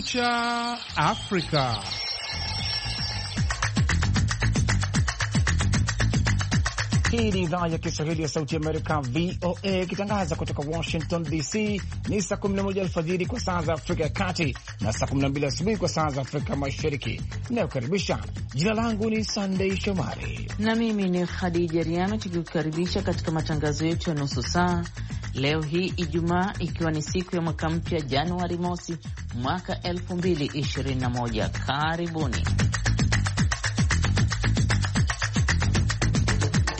Kumekucha Afrika. Hii ni idhaa ya Kiswahili ya Sauti Amerika, VOA, ikitangaza kutoka Washington DC. Ni saa 11 alfajiri kwa saa za Afrika ya Kati na saa 12 asubuhi kwa saa za Afrika Mashariki. Inayokaribisha jina langu ni Sandei Shomari na mimi ni Khadija Riano, tukikukaribisha katika matangazo yetu ya nusu saa leo hii Ijumaa, ikiwa ni siku ya mwaka mpya Januari mosi mwaka 2021. Karibuni.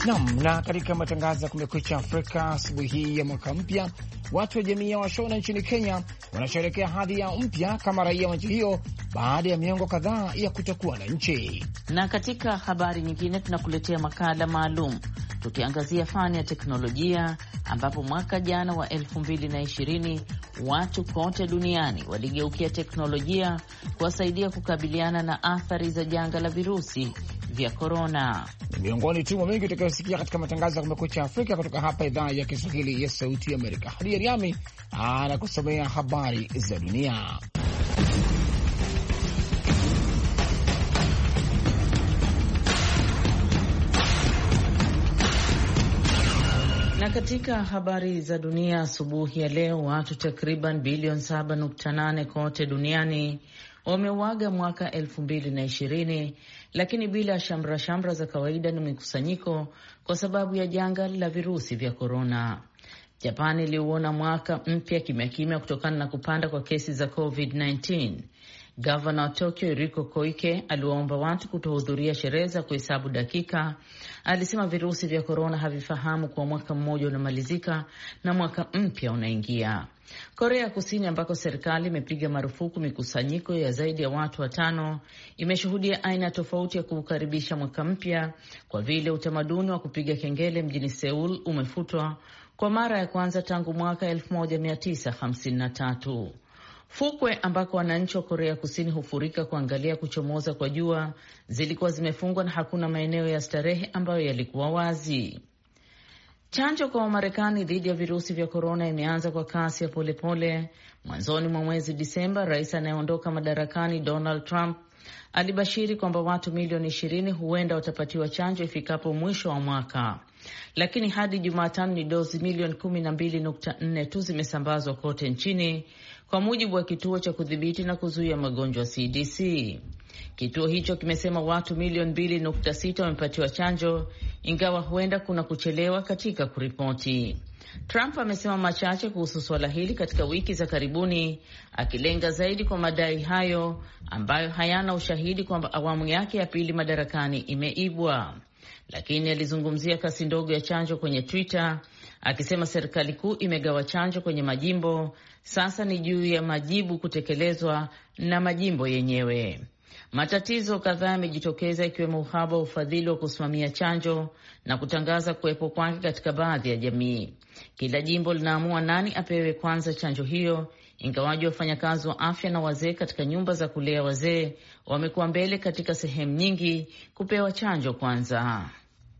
nam na katika matangazo ya Kumekucha Afrika asubuhi hii ya mwaka mpya, watu wa jamii ya Washona nchini Kenya wanasherekea hadhi yao mpya kama raia wa nchi hiyo baada ya miongo kadhaa ya kutokuwa na nchi. Na katika habari nyingine, tunakuletea makala maalum tukiangazia fani ya teknolojia ambapo mwaka jana wa 2020 watu kote duniani waligeukia teknolojia kuwasaidia kukabiliana na athari za janga la virusi vya korona. Miongoni tu mwa mengi utakayosikia katika matangazo ya Kumekucha Afrika kutoka hapa idhaa ya Kiswahili ya Sauti ya Amerika. Hadi Ariami anakusomea habari za dunia. Na katika habari za dunia asubuhi ya leo, watu takriban bilioni 7.8 kote duniani wameuaga mwaka 2020 lakini bila shamra shamra za kawaida na mikusanyiko kwa sababu ya janga la virusi vya korona. Japan iliuona mwaka mpya kimya kimya kutokana na kupanda kwa kesi za COVID-19. Gavana wa Tokyo Eriko Koike aliwaomba watu kutohudhuria sherehe za kuhesabu dakika. Alisema virusi vya korona havifahamu kwa mwaka mmoja unamalizika na mwaka mpya unaingia. Korea Kusini, ambako serikali imepiga marufuku mikusanyiko ya zaidi ya watu watano, imeshuhudia aina tofauti ya kuukaribisha mwaka mpya kwa vile utamaduni wa kupiga kengele mjini Seul umefutwa kwa mara ya kwanza tangu mwaka 1953. Fukwe ambako wananchi wa Korea Kusini hufurika kuangalia kuchomoza kwa jua zilikuwa zimefungwa na hakuna maeneo ya starehe ambayo yalikuwa wazi. Chanjo kwa Wamarekani dhidi ya virusi vya korona imeanza kwa kasi ya polepole. Mwanzoni mwa mwezi Disemba, rais anayeondoka madarakani Donald Trump alibashiri kwamba watu milioni ishirini huenda watapatiwa chanjo ifikapo mwisho wa mwaka, lakini hadi Jumatano ni dozi milioni kumi na mbili nukta nne tu zimesambazwa kote nchini, kwa mujibu wa kituo cha kudhibiti na kuzuia magonjwa CDC. Kituo hicho kimesema watu milioni sita wamepatiwa chanjo, ingawa huenda kuna kuchelewa katika kuripoti. Trump amesema machache kuhusu suala hili katika wiki za karibuni, akilenga zaidi kwa madai hayo ambayo hayana ushahidi kwamba awamu yake ya pili madarakani imeibwa, lakini alizungumzia kasi ndogo ya chanjo kwenye Twitter akisema serikali kuu imegawa chanjo kwenye majimbo, sasa ni juu ya majibu kutekelezwa na majimbo yenyewe. Matatizo kadhaa yamejitokeza ikiwemo uhaba wa ufadhili wa kusimamia chanjo na kutangaza kuwepo kwake katika baadhi ya jamii. Kila jimbo linaamua nani apewe kwanza chanjo hiyo, ingawaji wafanyakazi wa afya na wazee katika nyumba za kulea wazee wamekuwa mbele katika sehemu nyingi kupewa chanjo kwanza.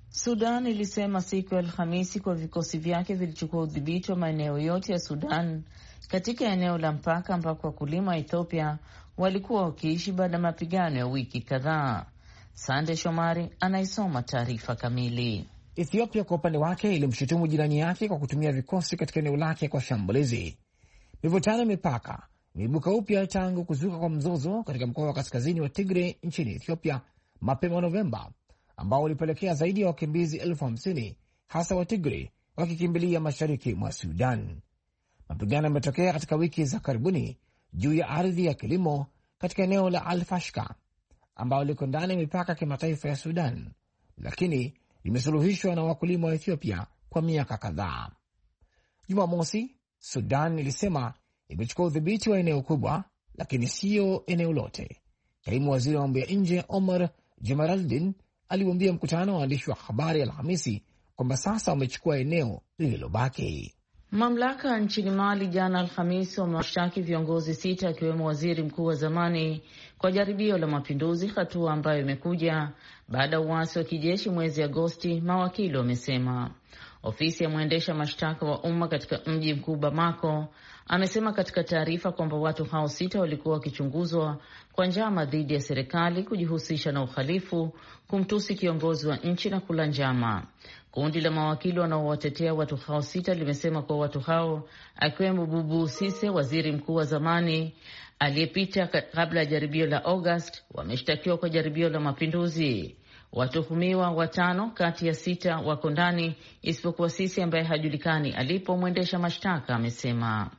Sudan ilisema siku ya Alhamisi kuwa vikosi vyake vilichukua udhibiti wa maeneo yote ya Sudan katika eneo la mpaka ambako wakulima wa Ethiopia walikuwa wakiishi baada ya mapigano ya wiki kadhaa. Sande Shomari anaisoma taarifa kamili. Ethiopia kwa upande wake ilimshutumu jirani yake kwa kutumia vikosi katika eneo lake kwa shambulizi. Mivutano mipaka imeibuka upya tangu kuzuka kwa mzozo katika mkoa wa kaskazini wa Tigre nchini Ethiopia mapema Novemba, ambao ulipelekea zaidi ya wakimbizi elfu hamsini hasa wa Tigre wakikimbilia mashariki mwa Sudan. Mapigano yametokea katika wiki za karibuni juu ya ardhi ya kilimo katika eneo la alfashka ambayo ambalo liko ndani ya mipaka ya kimataifa ya Sudan, lakini limesuluhishwa na wakulima wa Ethiopia kwa miaka kadhaa. Jumamosi, Sudan ilisema imechukua udhibiti wa eneo kubwa, lakini siyo eneo lote. Kaimu waziri wa mambo ya nje Omar jemeraldin aliuambia mkutano wa waandishi wa habari Alhamisi kwamba sasa wamechukua eneo lililobaki. Mamlaka nchini Mali jana Alhamisi wamewashtaki viongozi sita akiwemo waziri mkuu wa zamani kwa jaribio la mapinduzi, hatua ambayo imekuja baada ya uasi wa kijeshi mwezi Agosti, mawakili wamesema. Ofisi ya mwendesha mashtaka wa umma katika mji mkuu Bamako amesema katika taarifa kwamba watu hao sita walikuwa wakichunguzwa kwa njama dhidi ya serikali, kujihusisha na uhalifu, kumtusi kiongozi wa nchi na kula njama. Kundi la mawakili wanaowatetea watu hao sita limesema kuwa watu hao akiwemo Bubu Sise, waziri mkuu wa zamani aliyepita kabla ya jaribio la August, wameshtakiwa kwa jaribio la mapinduzi. Watuhumiwa watano kati ya sita wako ndani isipokuwa Sisi ambaye hajulikani alipo. Mwendesha mashtaka amesema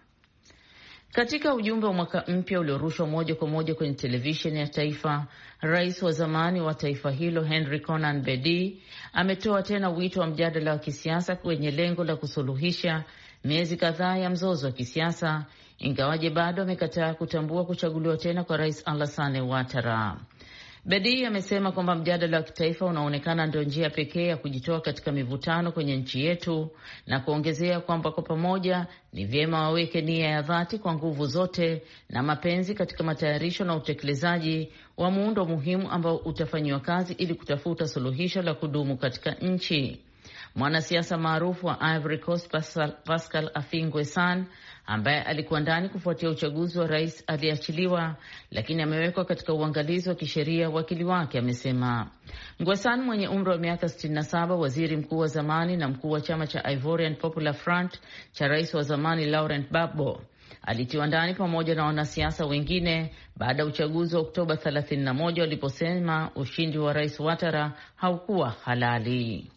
katika ujumbe wa mwaka mpya uliorushwa moja kwa moja kwenye televisheni ya taifa, rais wa zamani wa taifa hilo Henry Konan Bedi ametoa tena wito wa mjadala wa kisiasa kwenye lengo la kusuluhisha miezi kadhaa ya mzozo wa kisiasa, ingawaje bado amekataa kutambua kuchaguliwa tena kwa rais Alassane Ouattara. Bedi amesema kwamba mjadala wa kitaifa unaonekana ndio njia pekee ya kujitoa katika mivutano kwenye nchi yetu, na kuongezea kwamba kwa pamoja ni vyema waweke nia ya dhati kwa nguvu zote na mapenzi katika matayarisho na utekelezaji wa muundo muhimu ambao utafanyiwa kazi ili kutafuta suluhisho la kudumu katika nchi. Mwanasiasa maarufu wa Ivory Coast Pascal Afingwe San ambaye alikuwa ndani kufuatia uchaguzi wa rais aliyeachiliwa, lakini amewekwa katika uangalizi wa kisheria, wakili wake amesema. nguasan mwenye umri wa miaka 67, waziri mkuu wa zamani na mkuu wa chama cha Ivorian Popular Front cha rais wa zamani Laurent Gbagbo alitiwa ndani pamoja na wanasiasa wengine baada ya uchaguzi wa Oktoba 31 waliposema ushindi wa rais Watara haukuwa halali.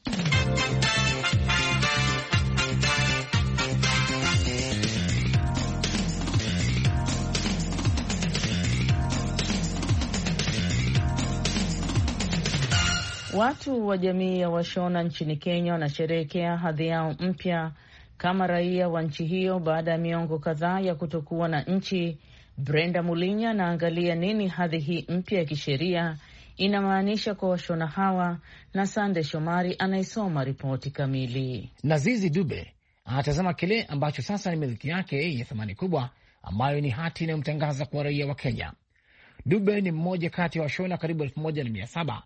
Watu wa jamii ya Washona nchini Kenya wanasherehekea hadhi yao mpya kama raia wa nchi hiyo baada ya miongo kadhaa ya kutokuwa na nchi. Brenda Mulinya anaangalia nini hadhi hii mpya ya kisheria inamaanisha kwa Washona hawa, na Sande Shomari anaisoma ripoti kamili. Nazizi Dube anatazama kile ambacho sasa ni miliki yake yenye thamani kubwa, ambayo ni hati inayomtangaza kuwa raia wa Kenya. Dube ni mmoja kati ya Washona karibu elfu moja na mia saba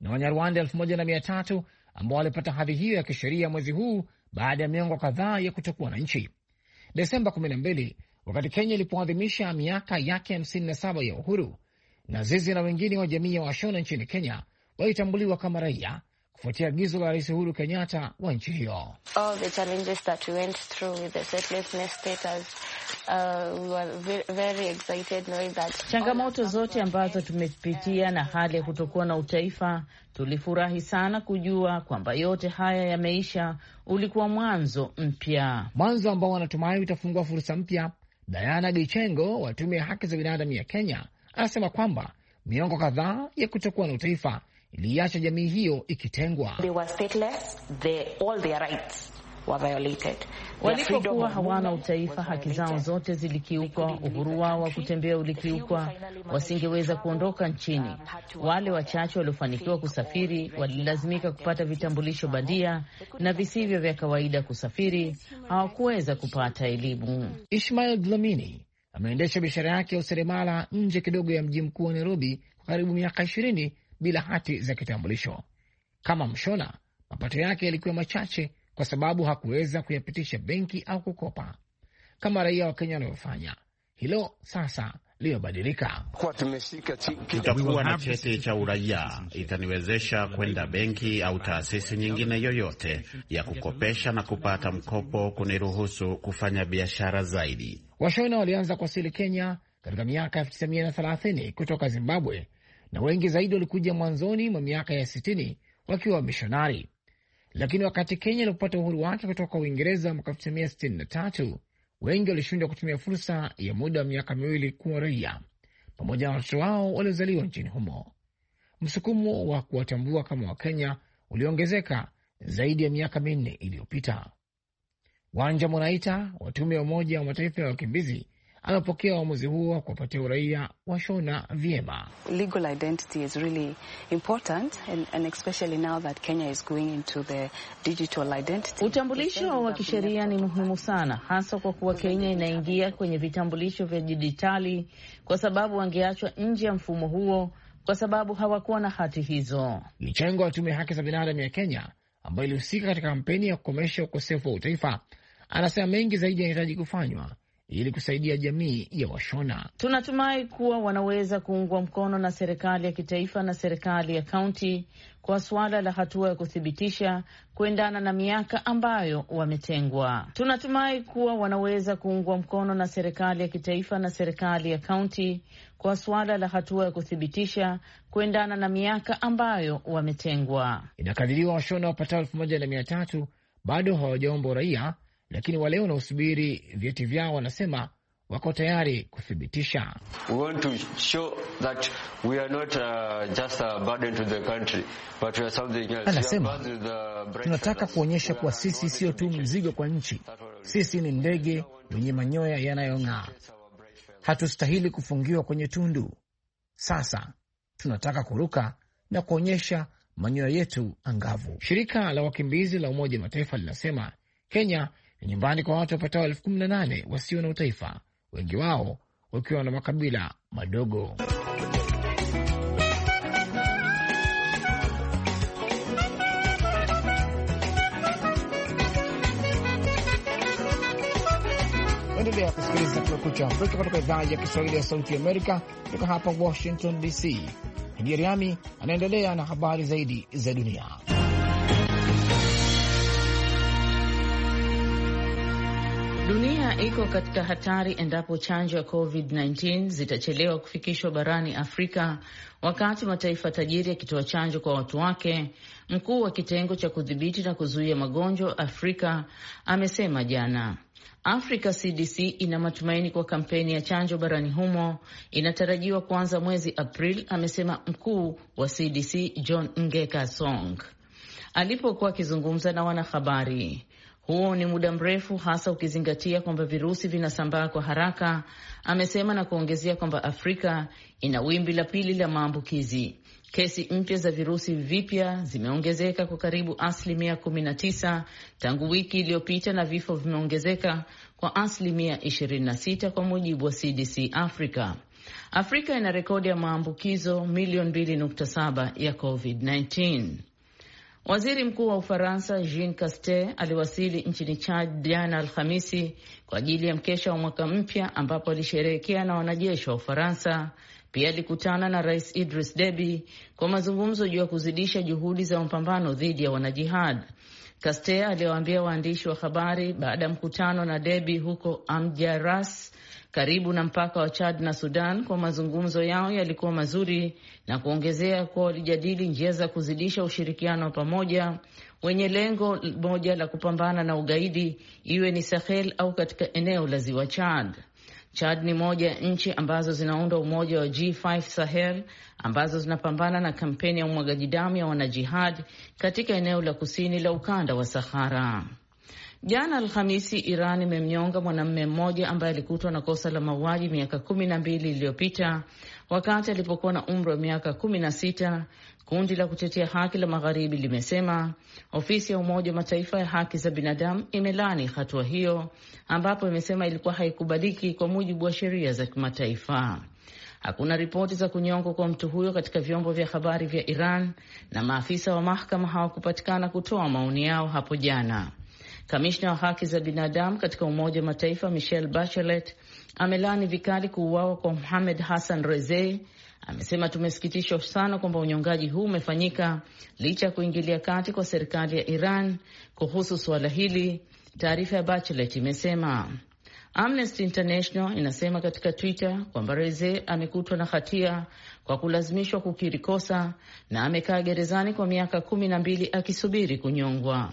na Wanyarwanda elfu moja na mia tatu ambao walipata hadhi hiyo ya kisheria mwezi huu baada ya miongo kadhaa ya kutokuwa na nchi. Desemba 12 wakati Kenya ilipoadhimisha miaka yake 57 ya uhuru, na Zizi na wengine wa jamii ya Washona nchini Kenya walitambuliwa kama raia kufuatia agizo la Rais Uhuru Kenyatta wa nchi hiyo. Uh, Changamoto zote ambazo tumepitia na hali ya kutokuwa na utaifa, tulifurahi sana kujua kwamba yote haya yameisha. Ulikuwa mwanzo mpya, mwanzo ambao wanatumai utafungua fursa mpya. Diana Gichengo wa Tume ya Haki za Binadamu ya Kenya anasema kwamba miongo kadhaa ya kutokuwa na utaifa iliacha jamii hiyo ikitengwa. Walipokuwa hawana utaifa, haki zao zote zilikiukwa, uhuru wao wa kutembea ulikiukwa, wasingeweza kuondoka nchini. Wale wachache waliofanikiwa kusafiri walilazimika kupata vitambulisho bandia na visivyo vya kawaida kusafiri, hawakuweza kupata elimu. Ishmael Dlamini ameendesha biashara yake ya useremala nje kidogo ya mji mkuu wa Nairobi kwa karibu miaka ishirini bila hati za kitambulisho. Kama Mshona, mapato yake yalikuwa machache kwa sababu hakuweza kuyapitisha benki au kukopa kama raia wa Kenya wanavyofanya. Hilo sasa liyobadilika. Tutakuwa na cheti cha uraia, itaniwezesha kwenda benki au taasisi nyingine yoyote ya kukopesha na kupata mkopo, kuniruhusu kufanya biashara zaidi. Washona walianza kuwasili Kenya katika miaka 1930 kutoka Zimbabwe na wengi zaidi walikuja mwanzoni mwa miaka ya sitini wakiwa wamishonari. Lakini wakati Kenya ilipopata uhuru wake kutoka kwa Uingereza mwaka tatu, wengi walishindwa kutumia fursa ya muda wa miaka miwili kuwa raia, pamoja na watoto wao waliozaliwa nchini humo. Msukumo wa kuwatambua kama Wakenya uliongezeka zaidi ya miaka minne iliyopita. Wanja Monaita wa Tume ya Umoja wa Mataifa ya Wakimbizi amepokea uamuzi huo wa kuwapatia uraia wa Shona vyema. Legal identity is really important and, and especially now that Kenya is going into the digital identity. Utambulisho wa kisheria ni muhimu sana hasa kwa kuwa Kenya inaingia kwenye vitambulisho vya dijitali, kwa sababu wangeachwa nje ya mfumo huo kwa sababu hawakuwa na hati hizo. Michango ya tume ya haki za binadamu ya Kenya ambayo ilihusika katika kampeni ya kukomesha ukosefu wa utaifa, anasema mengi zaidi yanahitaji kufanywa ili kusaidia jamii ya Washona. Tunatumai kuwa wanaweza kuungwa mkono na serikali ya kitaifa na serikali ya kaunti kwa suala la hatua ya kuthibitisha kuendana na miaka ambayo wametengwa. Tunatumai kuwa wanaweza kuungwa mkono na serikali ya kitaifa na serikali ya kaunti kwa suala la hatua ya kuthibitisha kuendana na miaka ambayo wametengwa. Inakadiriwa Washona wapatao elfu moja na mia tatu bado hawajaomba uraia lakini wale wanaosubiri vyeti vyao wanasema wako tayari kuthibitisha. Uh, Anasema tunataka kuonyesha kuwa sisi siyo tu mzigo kwa nchi, sisi ni ndege wenye manyoya yanayong'aa. Hatustahili kufungiwa kwenye tundu. Sasa tunataka kuruka na kuonyesha manyoya yetu angavu. Shirika la wakimbizi la Umoja wa Mataifa linasema Kenya nyumbani kwa watu wapatao elfu kumi na nane wasio na utaifa, wengi wao wakiwa na makabila madogo. Endelea kusikiliza Kumekucha Afrika kutoka idhaa ya Kiswahili ya Sauti Amerika kutoka hapa Washington DC. Hadiariami anaendelea na habari zaidi za dunia. Dunia iko katika hatari endapo chanjo ya COVID-19 zitachelewa kufikishwa barani Afrika, wakati mataifa tajiri yakitoa chanjo kwa watu wake. Mkuu wa kitengo cha kudhibiti na kuzuia magonjwa Afrika amesema jana. Africa CDC ina matumaini kwa kampeni ya chanjo barani humo inatarajiwa kuanza mwezi april amesema mkuu wa CDC John Ngeka Song alipokuwa akizungumza na wanahabari. Huo ni muda mrefu, hasa ukizingatia kwamba virusi vinasambaa kwa haraka, amesema na kuongezea kwamba Afrika ina wimbi la pili la maambukizi. Kesi mpya za virusi vipya zimeongezeka kwa karibu asilimia 19 tangu wiki iliyopita na vifo vimeongezeka kwa asilimia 26 kwa mujibu wa CDC Africa. Afrika ina rekodi ya maambukizo milioni 2.7 ya COVID-19. Waziri Mkuu wa Ufaransa Jean Castex aliwasili nchini Chad jana Alhamisi kwa ajili ya mkesha wa mwaka mpya ambapo alisherehekea na wanajeshi wa Ufaransa. Pia alikutana na Rais Idris Deby kwa mazungumzo juu ya kuzidisha juhudi za mapambano dhidi ya wanajihad. Castex aliwaambia waandishi wa habari baada ya mkutano na Deby huko Amjaras karibu na mpaka wa Chad na Sudan kwa mazungumzo yao yalikuwa mazuri na kuongezea kuwa walijadili njia za kuzidisha ushirikiano wa pamoja wenye lengo moja la kupambana na ugaidi iwe ni Sahel au katika eneo la ziwa Chad. Chad ni moja ya nchi ambazo zinaunda umoja wa G5 Sahel ambazo zinapambana na kampeni ya umwagaji damu ya wanajihad katika eneo la kusini la ukanda wa Sahara. Jana Alhamisi, Iran imemnyonga mwanamume mmoja ambaye alikutwa na kosa la mauaji miaka kumi na mbili iliyopita wakati alipokuwa na umri wa miaka kumi na sita. Kundi la kutetea haki la magharibi limesema ofisi ya Umoja wa Mataifa ya haki za binadamu imelaani hatua hiyo, ambapo imesema ilikuwa haikubaliki kwa mujibu wa sheria za kimataifa. Hakuna ripoti za kunyongwa kwa mtu huyo katika vyombo vya habari vya Iran na maafisa wa mahakama hawakupatikana kutoa maoni yao hapo jana. Kamishna wa haki za binadamu katika Umoja wa Mataifa Michelle Bachelet amelaani vikali kuuawa kwa Mohamed Hassan Rezei. Amesema tumesikitishwa sana kwamba unyongaji huu umefanyika licha ya kuingilia kati kwa serikali ya Iran kuhusu suala hili, taarifa ya Bachelet imesema. Amnesty International inasema katika Twitter kwamba Reze amekutwa na hatia kwa kulazimishwa kukiri kosa na amekaa gerezani kwa miaka kumi na mbili akisubiri kunyongwa.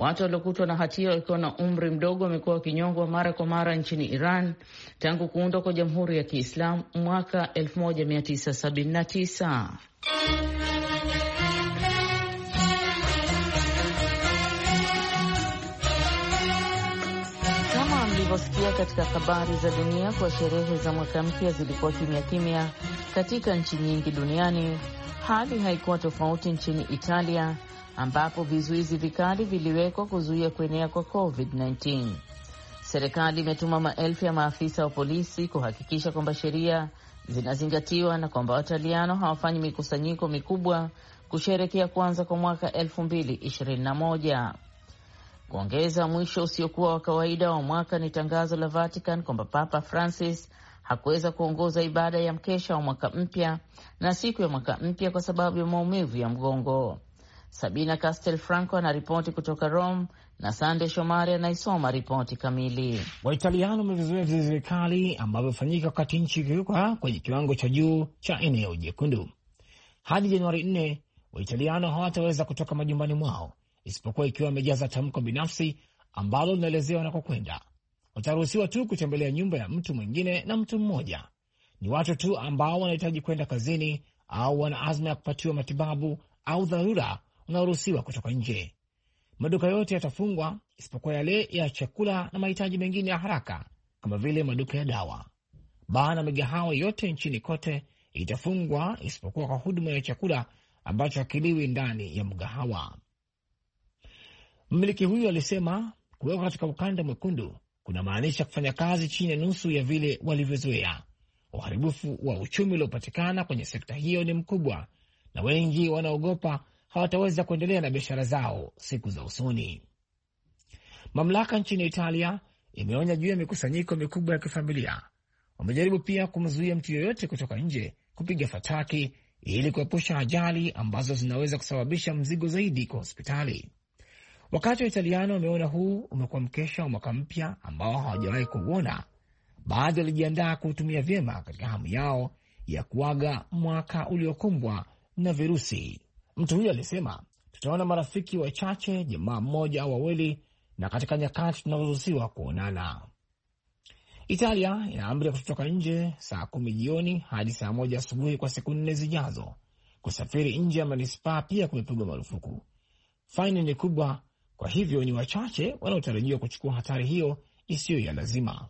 Watu waliokutwa na hatia wakiwa na umri mdogo wamekuwa wakinyongwa mara kwa mara nchini Iran tangu kuundwa kwa Jamhuri ya Kiislamu mwaka 1979. Kama mlivyosikia katika habari za dunia, kwa sherehe za mwaka mpya zilikuwa kimya kimya katika nchi nyingi duniani. Hali haikuwa tofauti nchini Italia ambapo vizuizi vikali viliwekwa kuzuia kuenea kwa COVID-19. Serikali imetuma maelfu ya maafisa wa polisi kuhakikisha kwamba sheria zinazingatiwa na kwamba Wataliano hawafanyi mikusanyiko mikubwa kusherekea kuanza kwa mwaka 2021. Kuongeza mwisho usiokuwa wa kawaida wa mwaka ni tangazo la Vatican kwamba Papa Francis hakuweza kuongoza ibada ya mkesha wa mwaka mpya na siku ya mwaka mpya kwa sababu ya maumivu ya mgongo. Sabina Castel Franco anaripoti kutoka Rome na Sande Shomari anaisoma ripoti kamili. Waitaliano wamevizuia vizuizi vikali ambavyo hufanyika wakati nchi ikiruka kwenye kiwango cha juu cha eneo jekundu. Hadi Januari nne, Waitaliano hawataweza kutoka majumbani mwao isipokuwa ikiwa wamejaza tamko binafsi ambalo linaelezewa wanakokwenda. Wataruhusiwa tu kutembelea nyumba ya mtu mwingine na mtu mmoja. Ni watu tu ambao wanahitaji kwenda kazini au wana azma ya kupatiwa matibabu au dharura unaoruhusiwa kutoka nje. Maduka yote yatafungwa isipokuwa yale ya chakula na mahitaji mengine ya haraka kama vile maduka ya dawa. Baa na migahawa yote nchini kote itafungwa isipokuwa kwa huduma ya chakula ambacho hakiliwi ndani ya mgahawa. Mmiliki huyu alisema kuwekwa katika ukanda mwekundu kunamaanisha kufanya kazi chini ya nusu ya vile walivyozoea. Uharibifu wa uchumi uliopatikana kwenye sekta hiyo ni mkubwa, na wengi wanaogopa hawataweza kuendelea na biashara zao siku za usoni. Mamlaka nchini Italia imeonya juu ya mikusanyiko mikubwa ya kifamilia. Wamejaribu pia kumzuia mtu yoyote kutoka nje kupiga fataki ili kuepusha ajali ambazo zinaweza kusababisha mzigo zaidi kwa hospitali. Wakati wa Italiano wameona huu umekuwa mkesha wa mwaka mpya ambao hawajawahi kuuona. Baadhi walijiandaa kuutumia vyema katika hamu yao ya kuaga mwaka uliokumbwa na virusi Mtu huyo alisema, tutaona marafiki wachache, jamaa mmoja au wawili, na katika nyakati tunazoruhusiwa kuonana. Italia ina amri ya kutotoka nje saa kumi jioni hadi saa moja asubuhi kwa siku nne zijazo. Kusafiri nje ya manispaa pia kumepigwa marufuku. Faini ni kubwa, kwa hivyo ni wachache wanaotarajiwa kuchukua hatari hiyo isiyo ya lazima.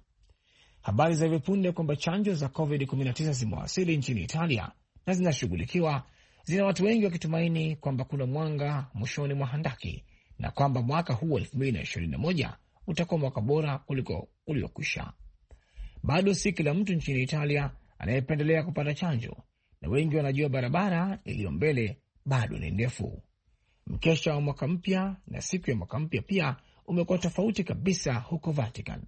Habari za hivi punde kwamba chanjo za COVID-19 zimewasili nchini Italia na zinashughulikiwa zina watu wengi wakitumaini kwamba kuna mwanga mwishoni mwa handaki na kwamba mwaka huu wa 221 utakuwa mwaka bora kuliko uliokwisha. Bado si kila mtu nchini Italia anayependelea kupata chanjo, na wengi wanajua barabara iliyo mbele bado ni ndefu. Mkesha wa mwaka mpya na siku ya mwaka mpya pia umekuwa tofauti kabisa huko Vatican.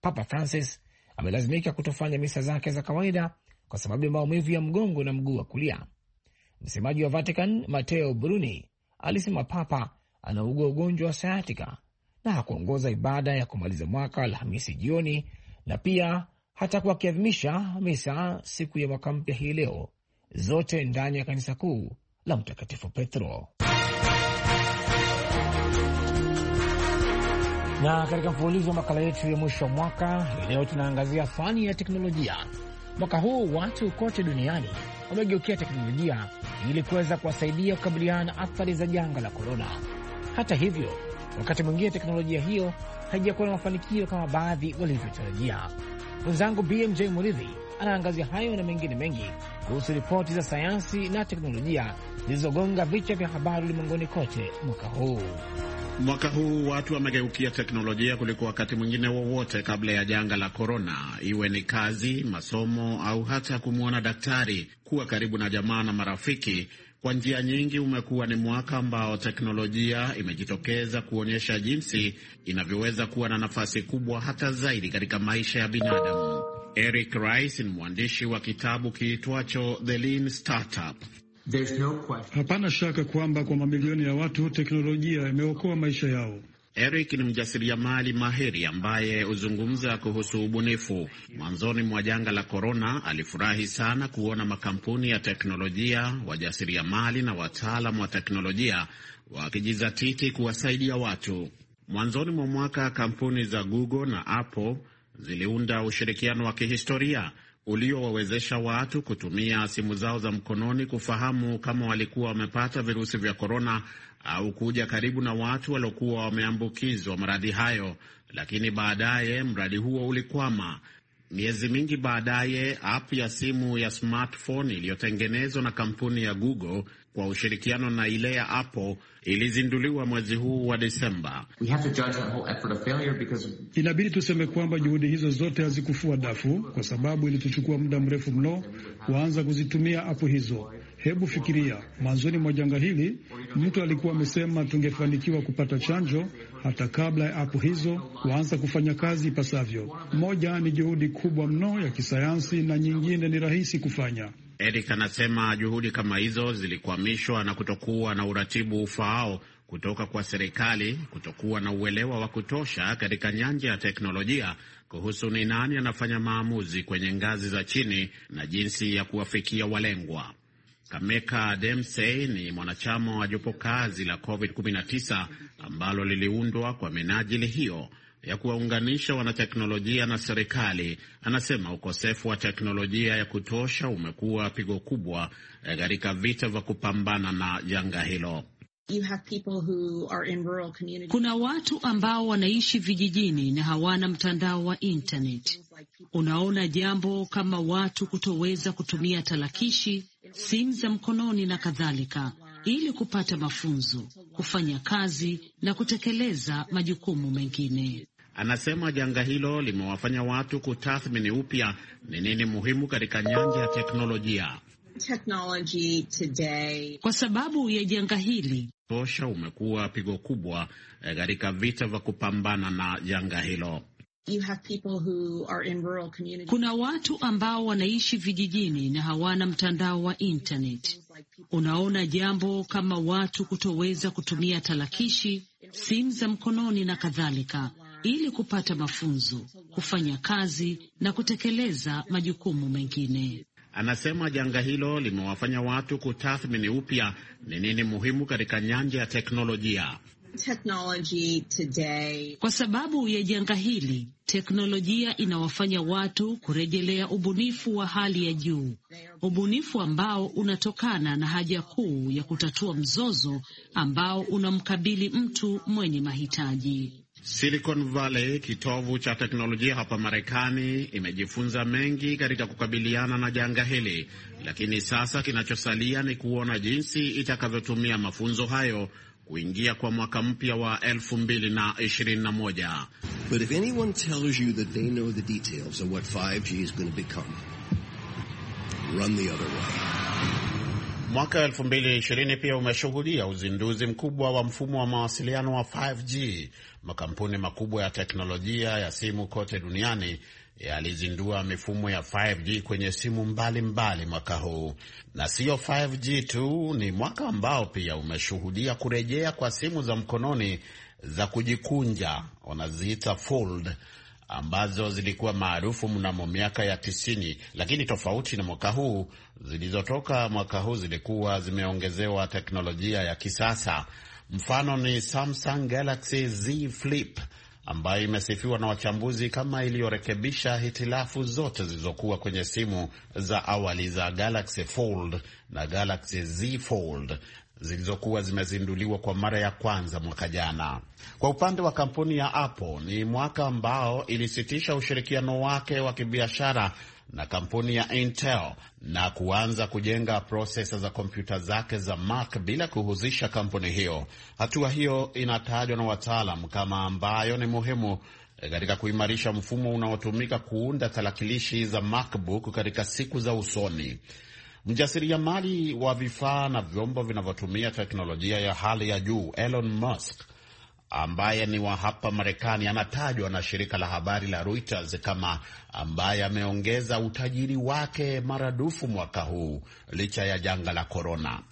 Papa Francis amelazimika kutofanya misa zake za kawaida kwa sababu ya maumivu ya mgongo na mguu wa kulia Msemaji wa Vatican mateo Bruni alisema Papa anaugua ugonjwa wa sayatika na hakuongoza ibada ya kumaliza mwaka Alhamisi jioni na pia hatakuwa akiadhimisha misa siku ya mwaka mpya hii leo, zote ndani ya kanisa kuu la Mtakatifu Petro. Na katika mfululizo wa makala yetu ya mwisho wa mwaka, leo tunaangazia fani ya teknolojia. Mwaka huu watu kote duniani wamegeukia teknolojia ili kuweza kuwasaidia kukabiliana na athari za janga la korona. Hata hivyo, wakati mwingine teknolojia hiyo haijakuwa na mafanikio kama baadhi walivyotarajia. Mwenzangu BMJ Muridhi anaangazia hayo na mengine mengi kuhusu ripoti za sayansi na teknolojia zilizogonga vichwa vya habari ulimwenguni kote mwaka huu. Mwaka huu watu wamegeukia teknolojia kuliko wakati mwingine wowote kabla ya janga la korona, iwe ni kazi, masomo au hata kumwona daktari, kuwa karibu na jamaa na marafiki. Kwa njia nyingi umekuwa ni mwaka ambao teknolojia imejitokeza kuonyesha jinsi inavyoweza kuwa na nafasi kubwa hata zaidi katika maisha ya binadamu. Eric Rice ni mwandishi wa kitabu kiitwacho The Lean Startup. No, hapana shaka kwamba kwa mamilioni ya watu teknolojia imeokoa maisha yao. Eric ni mjasiriamali mahiri ambaye huzungumza kuhusu ubunifu. Mwanzoni mwa janga la korona, alifurahi sana kuona makampuni ya teknolojia, wajasiriamali na wataalamu wa teknolojia wakijizatiti kuwasaidia watu. Mwanzoni mwa mwaka kampuni za Google na Apple ziliunda ushirikiano wa kihistoria uliowawezesha watu kutumia simu zao za mkononi kufahamu kama walikuwa wamepata virusi vya korona au kuja karibu na watu waliokuwa wameambukizwa maradhi hayo, lakini baadaye mradi huo ulikwama. Miezi mingi baadaye, app ya simu ya smartphone iliyotengenezwa na kampuni ya Google kwa ushirikiano na ile ya Apple ilizinduliwa mwezi huu wa Desemba. Inabidi tuseme kwamba juhudi hizo zote hazikufua dafu, kwa sababu ilituchukua muda mrefu mno kuanza kuzitumia apu hizo. Hebu fikiria, mwanzoni mwa janga hili mtu alikuwa amesema tungefanikiwa kupata chanjo hata kabla ya apu hizo kuanza kufanya kazi ipasavyo. Moja ni juhudi kubwa mno ya kisayansi na nyingine ni rahisi kufanya. Eric anasema juhudi kama hizo zilikwamishwa na kutokuwa na uratibu ufaao kutoka kwa serikali, kutokuwa na uelewa wa kutosha katika nyanja ya teknolojia kuhusu ni nani anafanya maamuzi kwenye ngazi za chini na jinsi ya kuwafikia walengwa. Kameka Demsey ni mwanachama wa jopo kazi la COVID-19 ambalo liliundwa kwa minajili hiyo ya kuwaunganisha wanateknolojia na serikali. Anasema ukosefu wa teknolojia ya kutosha umekuwa pigo kubwa eh, katika vita vya kupambana na janga hilo. You have people who are in rural communities. Kuna watu ambao wanaishi vijijini na hawana mtandao wa intaneti. Unaona jambo kama watu kutoweza kutumia talakishi, simu za mkononi na kadhalika ili kupata mafunzo, kufanya kazi na kutekeleza majukumu mengine. Anasema janga hilo limewafanya watu kutathmini upya ni nini muhimu katika nyanja ya teknolojia. kwa sababu ya janga hili tosha umekuwa pigo kubwa eh, katika vita vya kupambana na janga hilo. You have people who are in rural communities. Kuna watu ambao wanaishi vijijini na hawana mtandao wa internet. Unaona jambo kama watu kutoweza kutumia talakishi, simu za mkononi na kadhalika, ili kupata mafunzo, kufanya kazi na kutekeleza majukumu mengine. Anasema janga hilo limewafanya watu kutathmini upya ni nini muhimu katika nyanja ya teknolojia. Technology today. Kwa sababu ya janga hili, teknolojia inawafanya watu kurejelea ubunifu wa hali ya juu, ubunifu ambao unatokana na haja kuu ya kutatua mzozo ambao unamkabili mtu mwenye mahitaji. Silicon Valley, kitovu cha teknolojia hapa Marekani, imejifunza mengi katika kukabiliana na janga hili, lakini sasa kinachosalia ni kuona jinsi itakavyotumia mafunzo hayo kuingia kwa mwaka mpya wa 2021. But if anyone tells you that they know the details of what 5G is going to become, run the other way. Mwaka 2020 pia umeshuhudia uzinduzi mkubwa wa mfumo wa mawasiliano wa 5G makampuni makubwa ya teknolojia ya simu kote duniani yalizindua mifumo ya 5G kwenye simu mbalimbali mwaka huu. Na siyo 5G tu, ni mwaka ambao pia umeshuhudia kurejea kwa simu za mkononi za kujikunja, wanaziita fold, ambazo zilikuwa maarufu mnamo miaka ya tisini, lakini tofauti na mwaka huu, zilizotoka mwaka huu zilikuwa zimeongezewa teknolojia ya kisasa Mfano ni Samsung Galaxy Z Flip ambayo imesifiwa na wachambuzi kama iliyorekebisha hitilafu zote zilizokuwa kwenye simu za awali za Galaxy Fold na Galaxy Z Fold zilizokuwa zimezinduliwa kwa mara ya kwanza mwaka jana. Kwa upande wa kampuni ya Apple, ni mwaka ambao ilisitisha ushirikiano wake wa kibiashara na kampuni ya Intel na kuanza kujenga prosesa za kompyuta zake za Mac bila kuhusisha kampuni hiyo. Hatua hiyo inatajwa na wataalam kama ambayo ni muhimu eh, katika kuimarisha mfumo unaotumika kuunda tarakilishi za MacBook katika siku za usoni. Mjasiriamali wa vifaa na vyombo vinavyotumia teknolojia ya hali ya juu Elon Musk ambaye ni wa hapa Marekani anatajwa na shirika la habari la Reuters kama ambaye ameongeza utajiri wake maradufu mwaka huu licha ya janga la korona.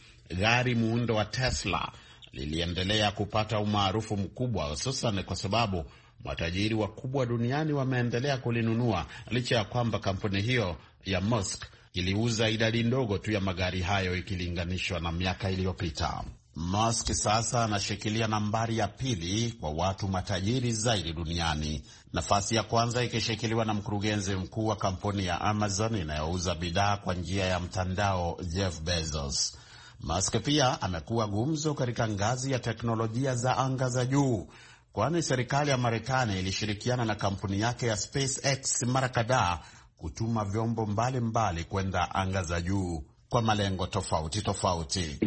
Gari muundo wa Tesla liliendelea kupata umaarufu mkubwa, hususan kwa sababu matajiri wakubwa duniani wameendelea kulinunua licha ya kwamba kampuni hiyo ya Musk iliuza idadi ndogo tu ya magari hayo ikilinganishwa na miaka iliyopita. Musk sasa anashikilia nambari ya pili kwa watu matajiri zaidi duniani, nafasi ya kwanza ikishikiliwa na mkurugenzi mkuu wa kampuni ya Amazon inayouza bidhaa kwa njia ya mtandao Jeff Bezos. Musk pia amekuwa gumzo katika ngazi ya teknolojia za anga za juu, kwani serikali ya Marekani ilishirikiana na kampuni yake ya SpaceX mara kadhaa kutuma vyombo mbalimbali kwenda anga za juu kwa malengo tofauti tofauti.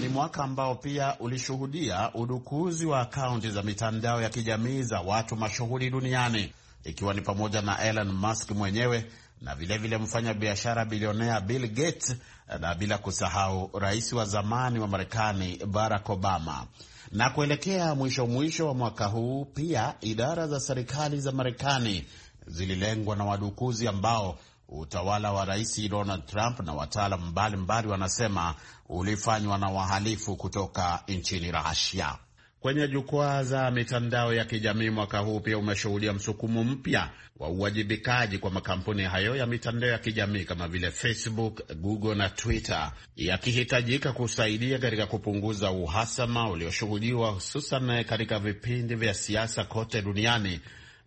Ni mwaka ambao pia ulishuhudia udukuzi wa akaunti za mitandao ya kijamii za watu mashuhuri duniani ikiwa ni pamoja na Elon Musk mwenyewe na vilevile mfanya biashara bilionea Bill Gates na bila kusahau rais wa zamani wa Marekani Barack Obama. Na kuelekea mwisho mwisho wa mwaka huu, pia idara za serikali za Marekani zililengwa na wadukuzi ambao utawala wa rais Donald Trump na wataalam mbalimbali wanasema ulifanywa na wahalifu kutoka nchini Russia kwenye jukwaa za mitandao ya kijamii mwaka huu pia umeshuhudia msukumo mpya wa uwajibikaji kwa makampuni hayo ya mitandao ya kijamii kama vile Facebook, Google na Twitter yakihitajika kusaidia katika kupunguza uhasama ulioshuhudiwa hususan katika vipindi vya siasa kote duniani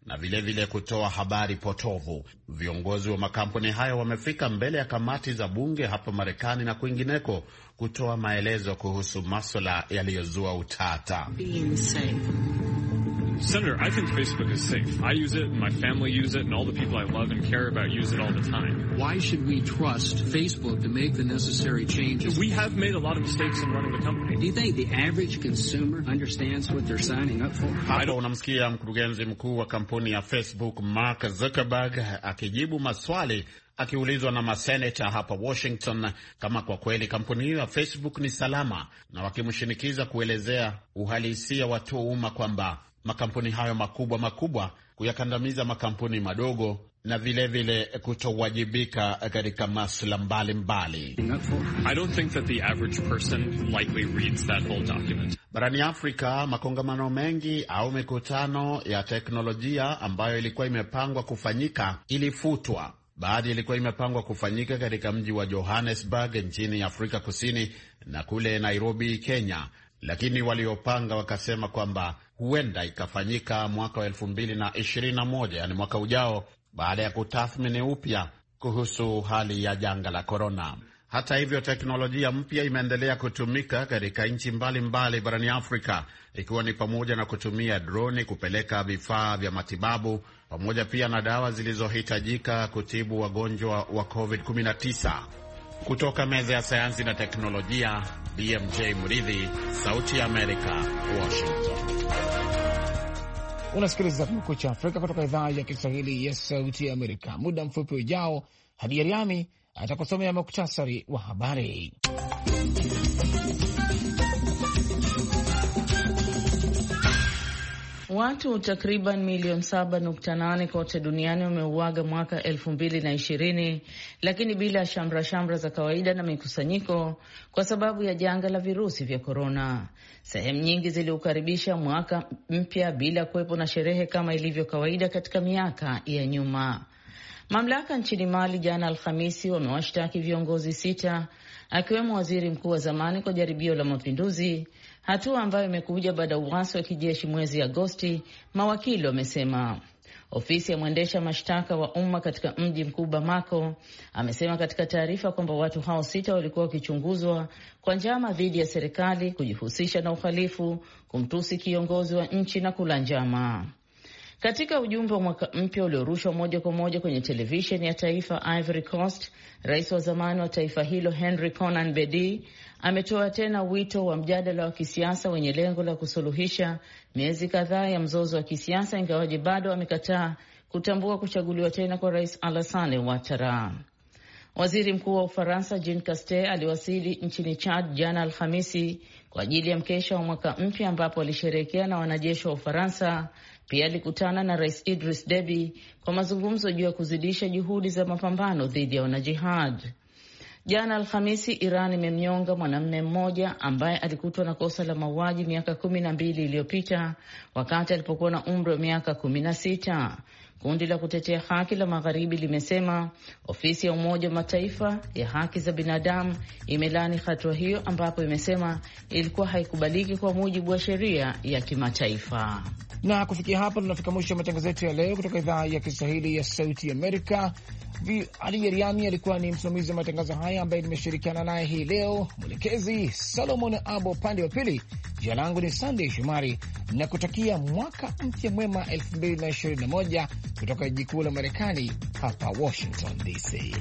na vilevile vile kutoa habari potovu. Viongozi wa makampuni hayo wamefika mbele ya kamati za bunge hapa Marekani na kwingineko kutoa maelezo kuhusu maswala yaliyozua utata. Senator, I think Facebook is safe. I use it, and my family use it, and all the people I love and care about use it all the time. Why should we trust Facebook to make the necessary changes? We have made a lot of mistakes in running the company. Do you think the average consumer understands what they're signing up for? Hapo unamsikia mkurugenzi mkuu wa kampuni ya Facebook Mark Zuckerberg akijibu maswali akiulizwa na maseneta hapa Washington kama kwa kweli kampuni hiyo ya Facebook ni salama na wakimshinikiza kuelezea uhalisia wa tuhuma kwamba makampuni hayo makubwa makubwa kuyakandamiza makampuni madogo na vilevile kutowajibika katika masuala mbalimbali. Barani Afrika, makongamano mengi au mikutano ya teknolojia ambayo ilikuwa imepangwa kufanyika ilifutwa Baadhi ilikuwa imepangwa kufanyika katika mji wa Johannesburg nchini Afrika Kusini na kule Nairobi, Kenya, lakini waliopanga wakasema kwamba huenda ikafanyika mwaka wa elfu mbili na ishirini na moja, yani mwaka ujao, baada ya kutathmini upya kuhusu hali ya janga la korona. Hata hivyo, teknolojia mpya imeendelea kutumika katika nchi mbalimbali barani Afrika, ikiwa ni pamoja na kutumia droni kupeleka vifaa vya matibabu pamoja pia na dawa zilizohitajika kutibu wagonjwa wa COVID-19. Kutoka meza ya sayansi na teknolojia, BMJ mridhi Sauti ya Amerika, Washington. Unasikiliza Kumekucha Afrika kutoka idhaa ya Kiswahili ya Sauti ya Amerika. Muda mfupi ujao, Hadi Yariami atakusomea muktasari wa habari. Watu takriban milioni 7.8 kote duniani wameuaga mwaka 2020 lakini bila shamra shamra za kawaida na mikusanyiko kwa sababu ya janga la virusi vya korona. Sehemu nyingi ziliukaribisha mwaka mpya bila kuwepo na sherehe kama ilivyo kawaida katika miaka ya nyuma. Mamlaka nchini Mali jana Alhamisi wamewashtaki viongozi sita akiwemo waziri mkuu wa zamani kwa jaribio la mapinduzi, hatua ambayo imekuja baada ya uwasi wa kijeshi mwezi Agosti, mawakili wamesema. Ofisi ya mwendesha mashtaka wa umma katika mji mkuu Bamako amesema katika taarifa kwamba watu hao sita walikuwa wakichunguzwa kwa njama dhidi ya serikali, kujihusisha na uhalifu, kumtusi kiongozi wa nchi na kula njama. Katika ujumbe wa mwaka mpya uliorushwa moja kwa moja kwenye televisheni ya taifa Ivory Coast, rais wa zamani wa taifa hilo Henry Konan Bedi ametoa tena wito wa mjadala wa kisiasa wenye lengo la kusuluhisha miezi kadhaa ya mzozo wa kisiasa, ingawaji bado amekataa kutambua kuchaguliwa tena kwa rais Alassane Ouattara. Waziri mkuu wa Ufaransa Jean Castex aliwasili nchini Chad jana Alhamisi kwa ajili ya mkesha wa mwaka mpya ambapo alisherehekea na wanajeshi wa Ufaransa pia alikutana na Rais Idris Deby kwa mazungumzo juu ya kuzidisha juhudi za mapambano dhidi ya wanajihad. Jana Alhamisi, Iran imemnyonga mwanamume mmoja ambaye alikutwa na kosa la mauaji miaka kumi na mbili iliyopita wakati alipokuwa na umri wa miaka kumi na sita. Kundi la kutetea haki la magharibi limesema ofisi ya Umoja wa Mataifa ya haki za binadamu imelani hatua hiyo, ambapo imesema ilikuwa haikubaliki kwa mujibu wa sheria ya kimataifa. Na kufikia hapo, tunafika mwisho wa matangazo yetu ya leo kutoka idhaa ya Kiswahili ya Sauti Amerika. Ali Yeriami alikuwa ni msimamizi wa matangazo haya ambaye nimeshirikiana naye hii leo, mwelekezi Solomon Abo upande wa pili. Jina langu ni Sandey Shomari na kutakia mwaka mpya mwema 2021 kutoka jiji kuu la Marekani hapa Washington DC.